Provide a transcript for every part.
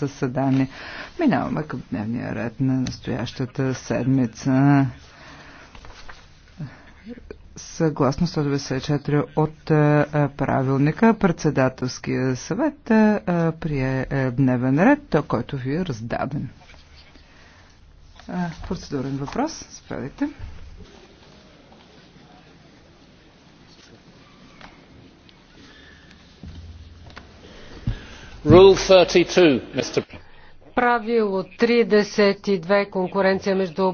заседание. Минаваме към дневния ред на настоящата седмица. Съгласно 194 от е, е, правилника, председателския съвет е, прие дневен ред, който ви е раздаден. Процедурен въпрос. Справите. Правило 32 конкуренция между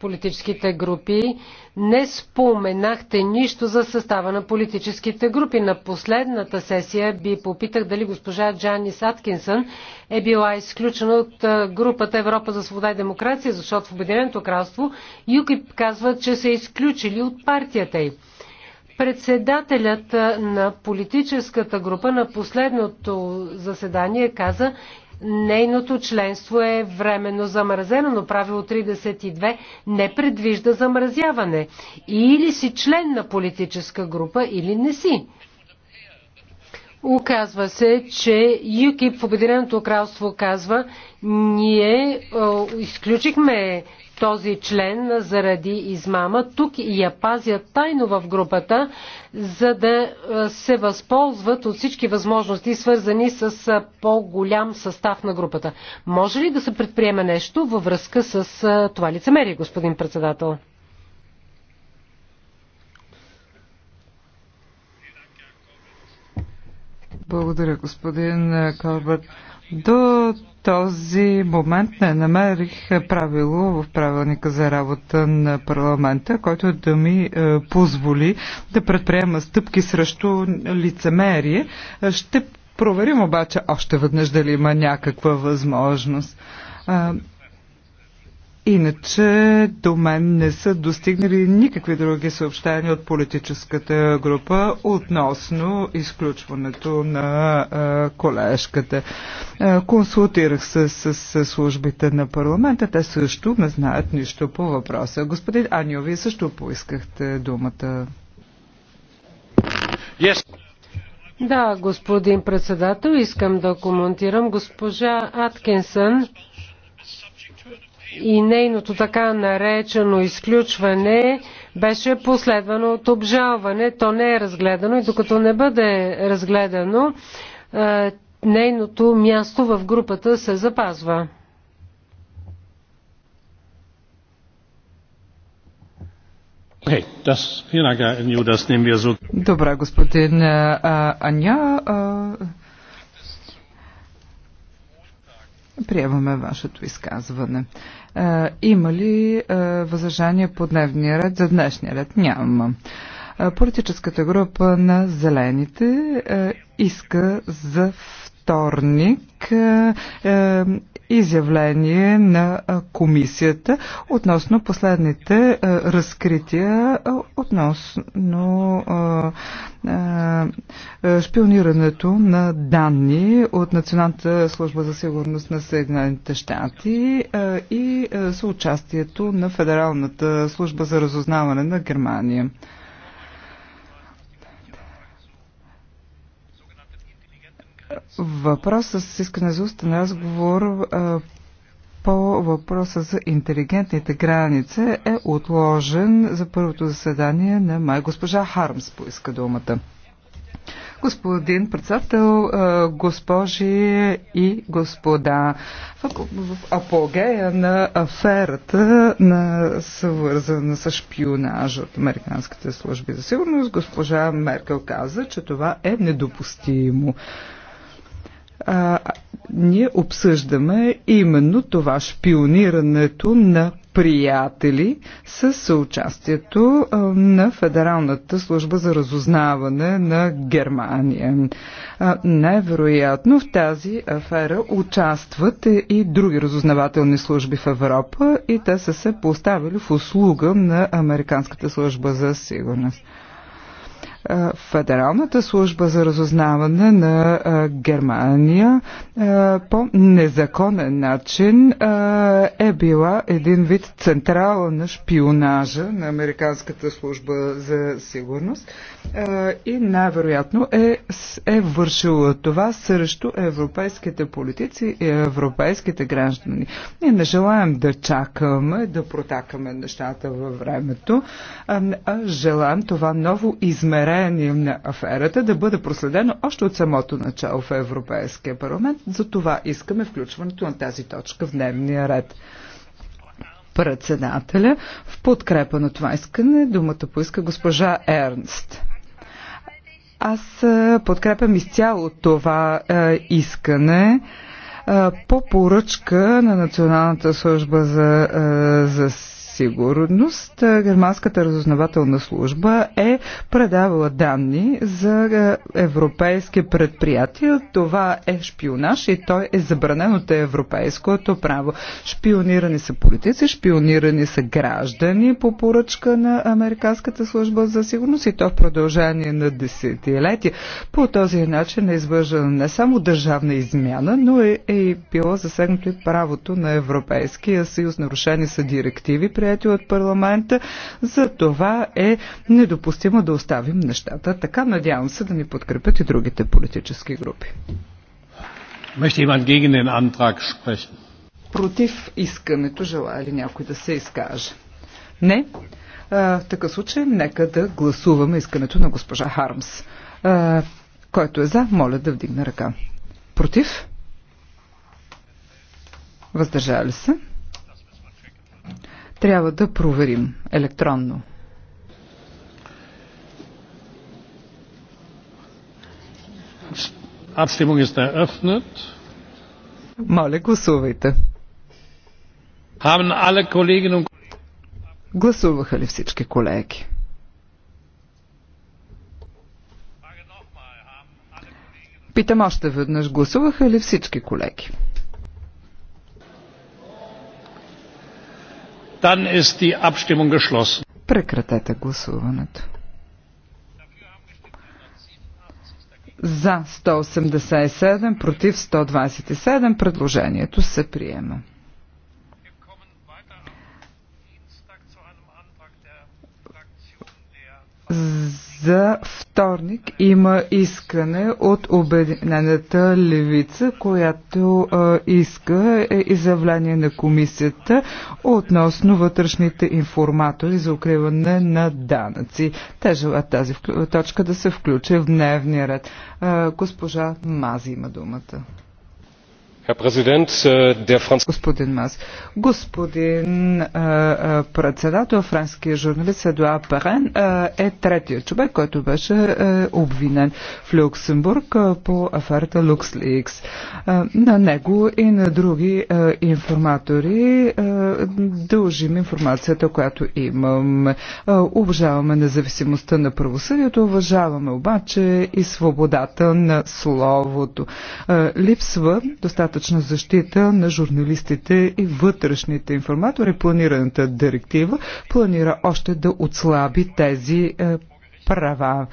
политическите групи. Не споменахте нищо за състава на политическите групи. На последната сесия би попитах дали госпожа Джанис Аткинсън е била изключена от групата Европа за свобода и демокрация, защото в Обединеното кралство ЮКИП казва, че са изключили от партията й. Председателят на политическата група на последното заседание каза, нейното членство е временно замразено, но правило 32 не предвижда замразяване. Или си член на политическа група, или не си. Оказва се, че ЮКИП в Обединеното кралство казва, ние е, изключихме този член заради измама. Тук я пазят тайно в групата, за да се възползват от всички възможности, свързани с по-голям състав на групата. Може ли да се предприеме нещо във връзка с това лицемерие, господин председател? Благодаря, господин Калбърт. До този момент не намерих правило в правилника за работа на парламента, който да ми е, позволи да предприема стъпки срещу лицемерие. Ще проверим обаче още веднъж дали има някаква възможност. Е, Иначе до мен не са достигнали никакви други съобщения от политическата група относно изключването на а, колежката. А, консултирах се с, с службите на парламента. Те също не знаят нищо по въпроса. Господин Анио, вие също поискахте думата. Yes. Да, господин председател, искам да коментирам госпожа Аткинсън и нейното така наречено изключване беше последвано от обжалване. То не е разгледано и докато не бъде разгледано, е, нейното място в групата се запазва. Добре, господин е, е, Аня. Приемаме вашето изказване. А, е, има ли а, е, възражания по дневния ред? За днешния ред няма. Е, политическата група на зелените а, иска за вторник изявление на комисията относно последните разкрития относно шпионирането на данни от Националната служба за сигурност на Съединените щати и съучастието на Федералната служба за разузнаване на Германия. въпрос с искане за устен разговор по въпроса за интелигентните граници е отложен за първото заседание на май. Госпожа Хармс поиска думата. Господин председател, госпожи и господа, в апогея на аферата, на, свързана с шпионажа от американските служби за сигурност, госпожа Меркел каза, че това е недопустимо а, ние обсъждаме именно това шпионирането на приятели с съучастието на Федералната служба за разузнаване на Германия. Най-вероятно в тази афера участват и други разузнавателни служби в Европа и те са се поставили в услуга на Американската служба за сигурност. Федералната служба за разузнаване на Германия по незаконен начин е била един вид централа на шпионажа на Американската служба за сигурност и най-вероятно е, е вършила това срещу европейските политици и европейските граждани. Ние не желаем да чакаме, да протакаме нещата във времето, а желаем това ново измерение разкроение на аферата да бъде проследено още от самото начало в Европейския парламент. За това искаме включването на тази точка в дневния ред. Председателя в подкрепа на това искане думата поиска госпожа Ернст. Аз е, подкрепям изцяло това е, искане е, по поръчка на Националната служба за, е, за сигурност германската разузнавателна служба е предавала данни за е, европейски предприятия. Това е шпионаж и той е забранен от европейското право. Шпионирани са политици, шпионирани са граждани по поръчка на Американската служба за сигурност и то в продължение на десетилетия. По този начин е извържена не само държавна измяна, но е, е било засегнато и правото на Европейския съюз. Нарушени са директиви, при прияти от парламента. За това е недопустимо да оставим нещата. Така надявам се да ни подкрепят и другите политически групи. Против искането желая ли някой да се изкаже? Не. А, в такъв случай нека да гласуваме искането на госпожа Хармс. А, който е за, моля да вдигне ръка. Против? Въздържали се? трябва да проверим електронно. Abstimmung ist eröffnet. Моля, гласувайте. Haben alle Kolleginnen und Гласуваха ли всички колеги? Питам още веднъж, гласуваха ли всички колеги? Dann ist die Abstimmung geschlossen. Прекратете гласуването. За 187, против 127, предложението се приема. За вторник има искане от Обединената левица, която а, иска е изявление на комисията относно вътрешните информатори за укриване на данъци. Те желаят тази точка да се включи в дневния ред. А, госпожа Мази има думата. Äh, Господин Мас. Господин э, э, председател, франския журналист Едуа Парен э, е третия човек, който беше обвинен в Люксембург по аферата LuxLeaks. На него и на други информатори дължим информацията, която имам. Уважаваме независимостта на правосъдието, уважаваме обаче и свободата на словото. Липсва достатъчно достатъчна защита на журналистите и вътрешните информатори. Планираната директива планира още да отслаби тези е, права.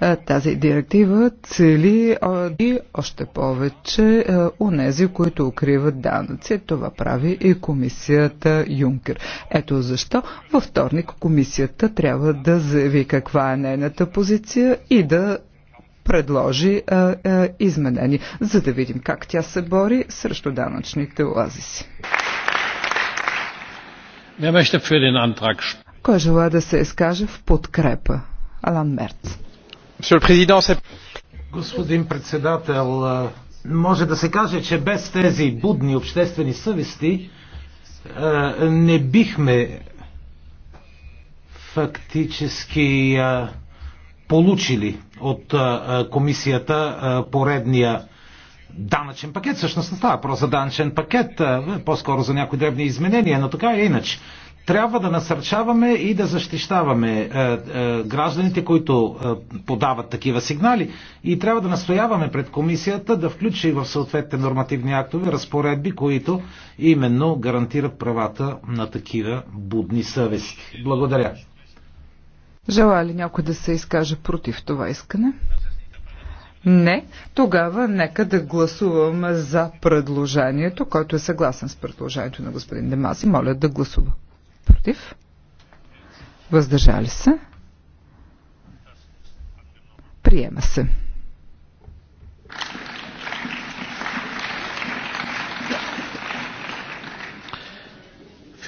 Е, тази директива цели е, и още повече нези, които укриват данъци. Това прави и комисията Юнкер. Ето защо във вторник комисията трябва да заяви каква е нейната позиция и да предложи а, е, а, е, изменение, за да видим как тя се бори срещу данъчните оазиси. Кой желая да се изкаже в подкрепа? Алан Мерц. Господин председател, е, може да се каже, че без тези будни обществени съвести не бихме фактически получили от комисията поредния данъчен пакет. Всъщност не става просто за данъчен пакет, е, по-скоро за някои дребни изменения, но така е иначе. Трябва да насърчаваме и да защищаваме е, е, гражданите, които подават такива сигнали и трябва да настояваме пред комисията да включи в съответните нормативни актове разпоредби, които именно гарантират правата на такива будни съвести. Благодаря. Желая ли някой да се изкаже против това искане? Не. Тогава нека да гласуваме за предложението, който е съгласен с предложението на господин Демази. Моля да гласува. Против? Въздържали се? Приема се.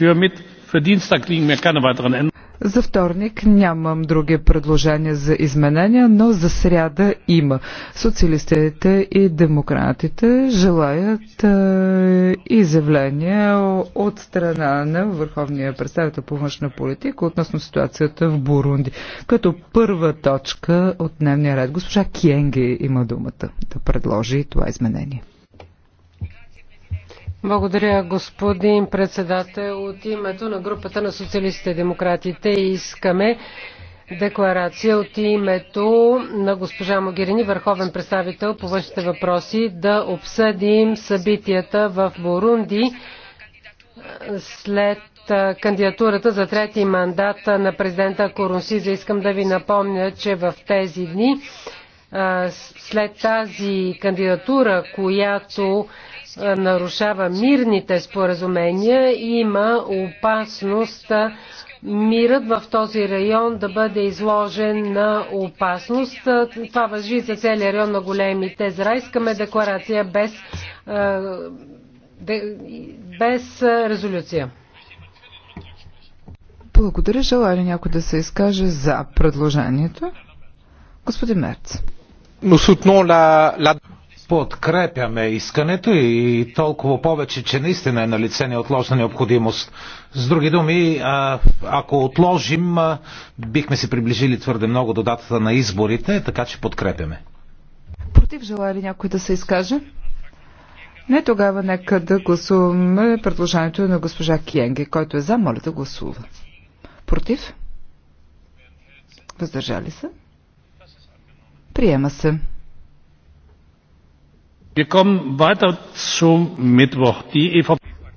Für, mit, für Dienstag keine weiteren Änderungen. За вторник нямам други предложения за изменения, но за сряда има. Социалистите и демократите желаят е, изявления от страна на Върховния представител по външна политика относно ситуацията в Бурунди. Като първа точка от дневния ред госпожа Кенги има думата да предложи това изменение. Благодаря, господин председател. От името на групата на социалистите и демократите искаме декларация от името на госпожа Могирини, върховен представител по външните въпроси, да обсъдим събитията в Бурунди след кандидатурата за трети мандат на президента Корунсиза. Искам да ви напомня, че в тези дни след тази кандидатура, която нарушава мирните споразумения и има опасност мирът в този район да бъде изложен на опасност. Това въжи за целия район на големите езера. Искаме декларация без, без резолюция. Благодаря. Желая ли някой да се изкаже за предложението? Господин Мерц подкрепяме искането и толкова повече, че наистина е на лице неотложна необходимост. С други думи, ако отложим, бихме се приближили твърде много до датата на изборите, така че подкрепяме. Против желая ли някой да се изкаже? Не тогава нека да гласуваме предложението на госпожа Киенге, който е за, моля да гласува. Против? Въздържали се? Приема се. E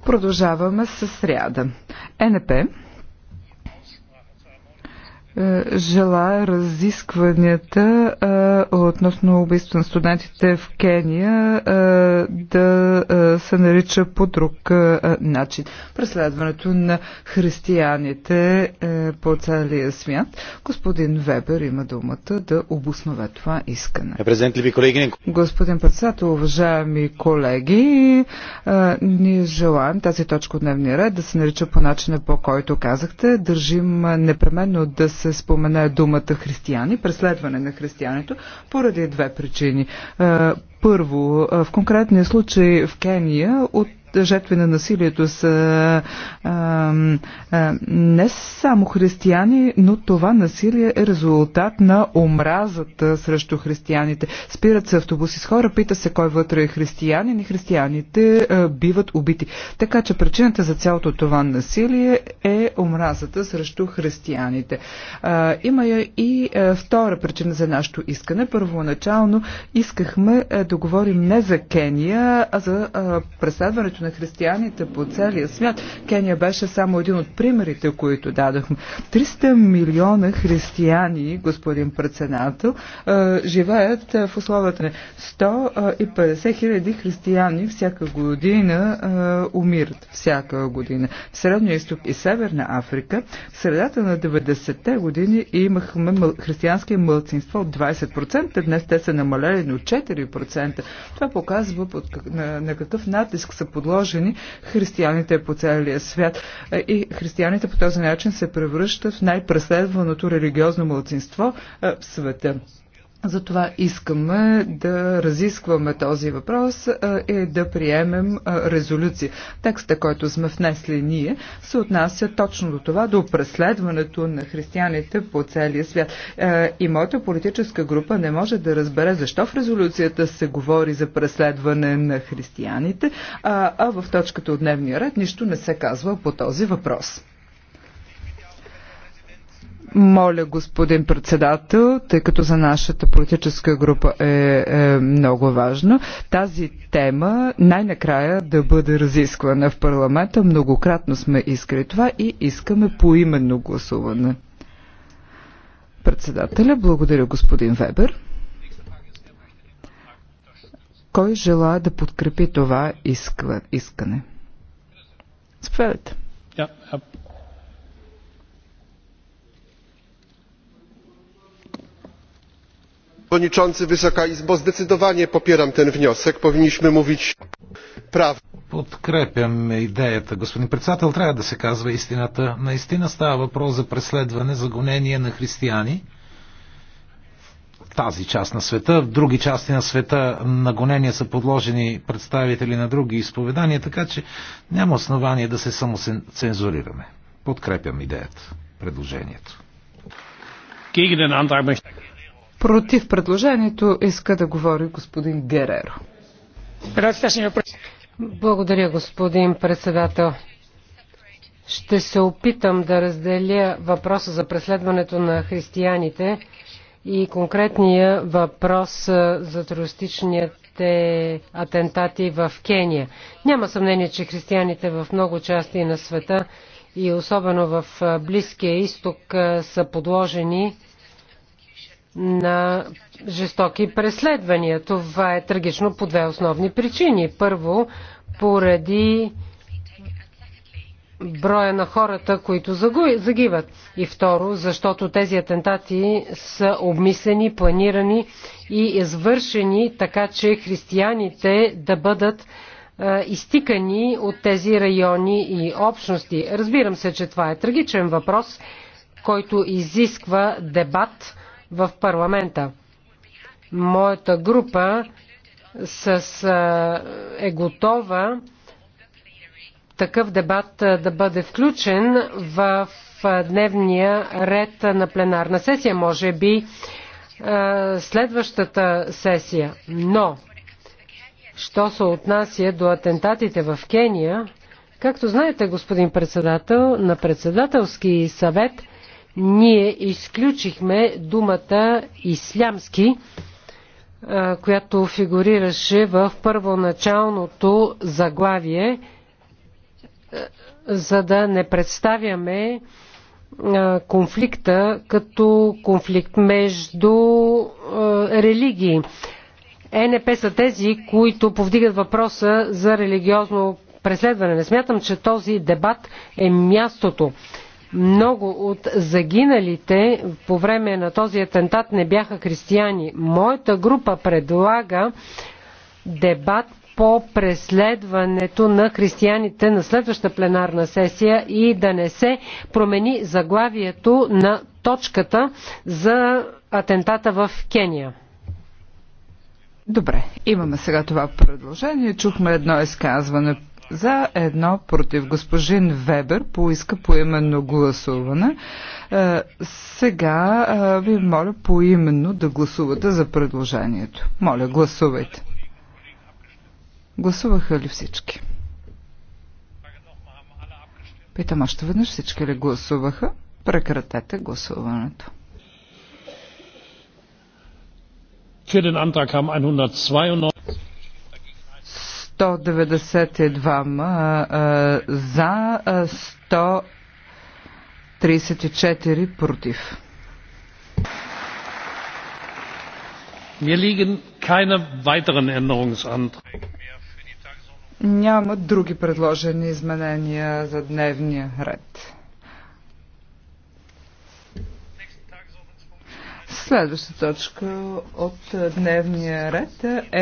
Продължаваме със сряда. Е НП е, желая разискванията а, е, относно убийство на студентите в Кения а, е, да а, се нарича по друг а, начин. Преследването на християните а, по целия свят. Господин Вебер има думата да обоснове това искане. Господин председател, уважаеми колеги, а, ние желаем тази точка от дневния ред да се нарича по начина по който казахте. Държим непременно да се се спомене думата християни, преследване на християните, поради две причини е, първо, в конкретния случай в Кения от жертви на насилието са а, а, не само християни, но това насилие е резултат на омразата срещу християните. Спират се автобуси с хора, пита се кой вътре е християнин и християните а, биват убити. Така че причината за цялото това насилие е омразата срещу християните. А, има и а, втора причина за нашето искане. Първоначално искахме да говорим не за Кения, а за а, преследването на християните по целия свят. Кения беше само един от примерите, които дадохме. 300 милиона християни, господин председател, а, живеят в условията на 150 хиляди християни всяка година а, умират. Всяка година. В Средния изток и Северна Африка в средата на 90-те години имахме християнски мълцинство от 20%, днес те са намалели на 4%. 10%. Това показва под, на, на какъв натиск са подложени християните по целия свят. Е, и християните по този начин се превръщат в най-преследваното религиозно младсинство е, в света. Затова искаме да разискваме този въпрос и да приемем резолюция. Текста, който сме внесли ние, се отнася точно до това, до преследването на християните по целия свят. И моята политическа група не може да разбере защо в резолюцията се говори за преследване на християните, а в точката от дневния ред нищо не се казва по този въпрос. Моля, господин председател, тъй като за нашата политическа група е, е много важно, тази тема най-накрая да бъде разисквана в парламента. Многократно сме искали това и искаме поименно гласуване. Председателя, благодаря господин Вебер. Кой желая да подкрепи това искане? Заповядайте. Yeah, panie przewodniczący! zdecydowanie popieram ten wniosek. powinniśmy mówić prawdę. Подкрепям идеята, господин председател. Трябва да се казва истината. Наистина става въпрос за преследване, за гонение на християни в тази част на света. В други части на света на гонение са подложени представители на други изповедания, така че няма основание да се самоцензурираме. Подкрепям идеята, предложението. Gegen den Antrag möchte Против предложението иска да говори господин Гереро. Благодаря, господин председател. Ще се опитам да разделя въпроса за преследването на християните и конкретния въпрос за терористичните атентати в Кения. Няма съмнение, че християните в много части на света и особено в Близкия изток са подложени на жестоки преследвания. Това е трагично по две основни причини. Първо, поради броя на хората, които загиват. И второ, защото тези атентати са обмислени, планирани и извършени така, че християните да бъдат изтикани от тези райони и общности. Разбирам се, че това е трагичен въпрос, който изисква дебат в парламента. Моята група с, е готова такъв дебат да бъде включен в дневния ред на пленарна сесия, може би следващата сесия. Но, що се отнася до атентатите в Кения, както знаете, господин председател, на председателски съвет – ние изключихме думата ислямски, която фигурираше в първоначалното заглавие, за да не представяме конфликта като конфликт между религии. ЕНП са тези, които повдигат въпроса за религиозно преследване. Не смятам, че този дебат е мястото. Много от загиналите по време на този атентат не бяха християни. Моята група предлага дебат по преследването на християните на следваща пленарна сесия и да не се промени заглавието на точката за атентата в Кения. Добре, имаме сега това предложение. Чухме едно изказване за, едно против. Госпожин Вебер поиска поименно гласуване. Е, сега е, ви моля поименно да гласувате за предложението. Моля, гласувайте. Гласуваха ли всички? Питам още веднъж всички ли гласуваха? Прекратете гласуването. Für den Antrag haben 192 192 за, 134 против. liegen keine weiteren Няма други предложени изменения за дневния ред. Следваща точка от дневния ред е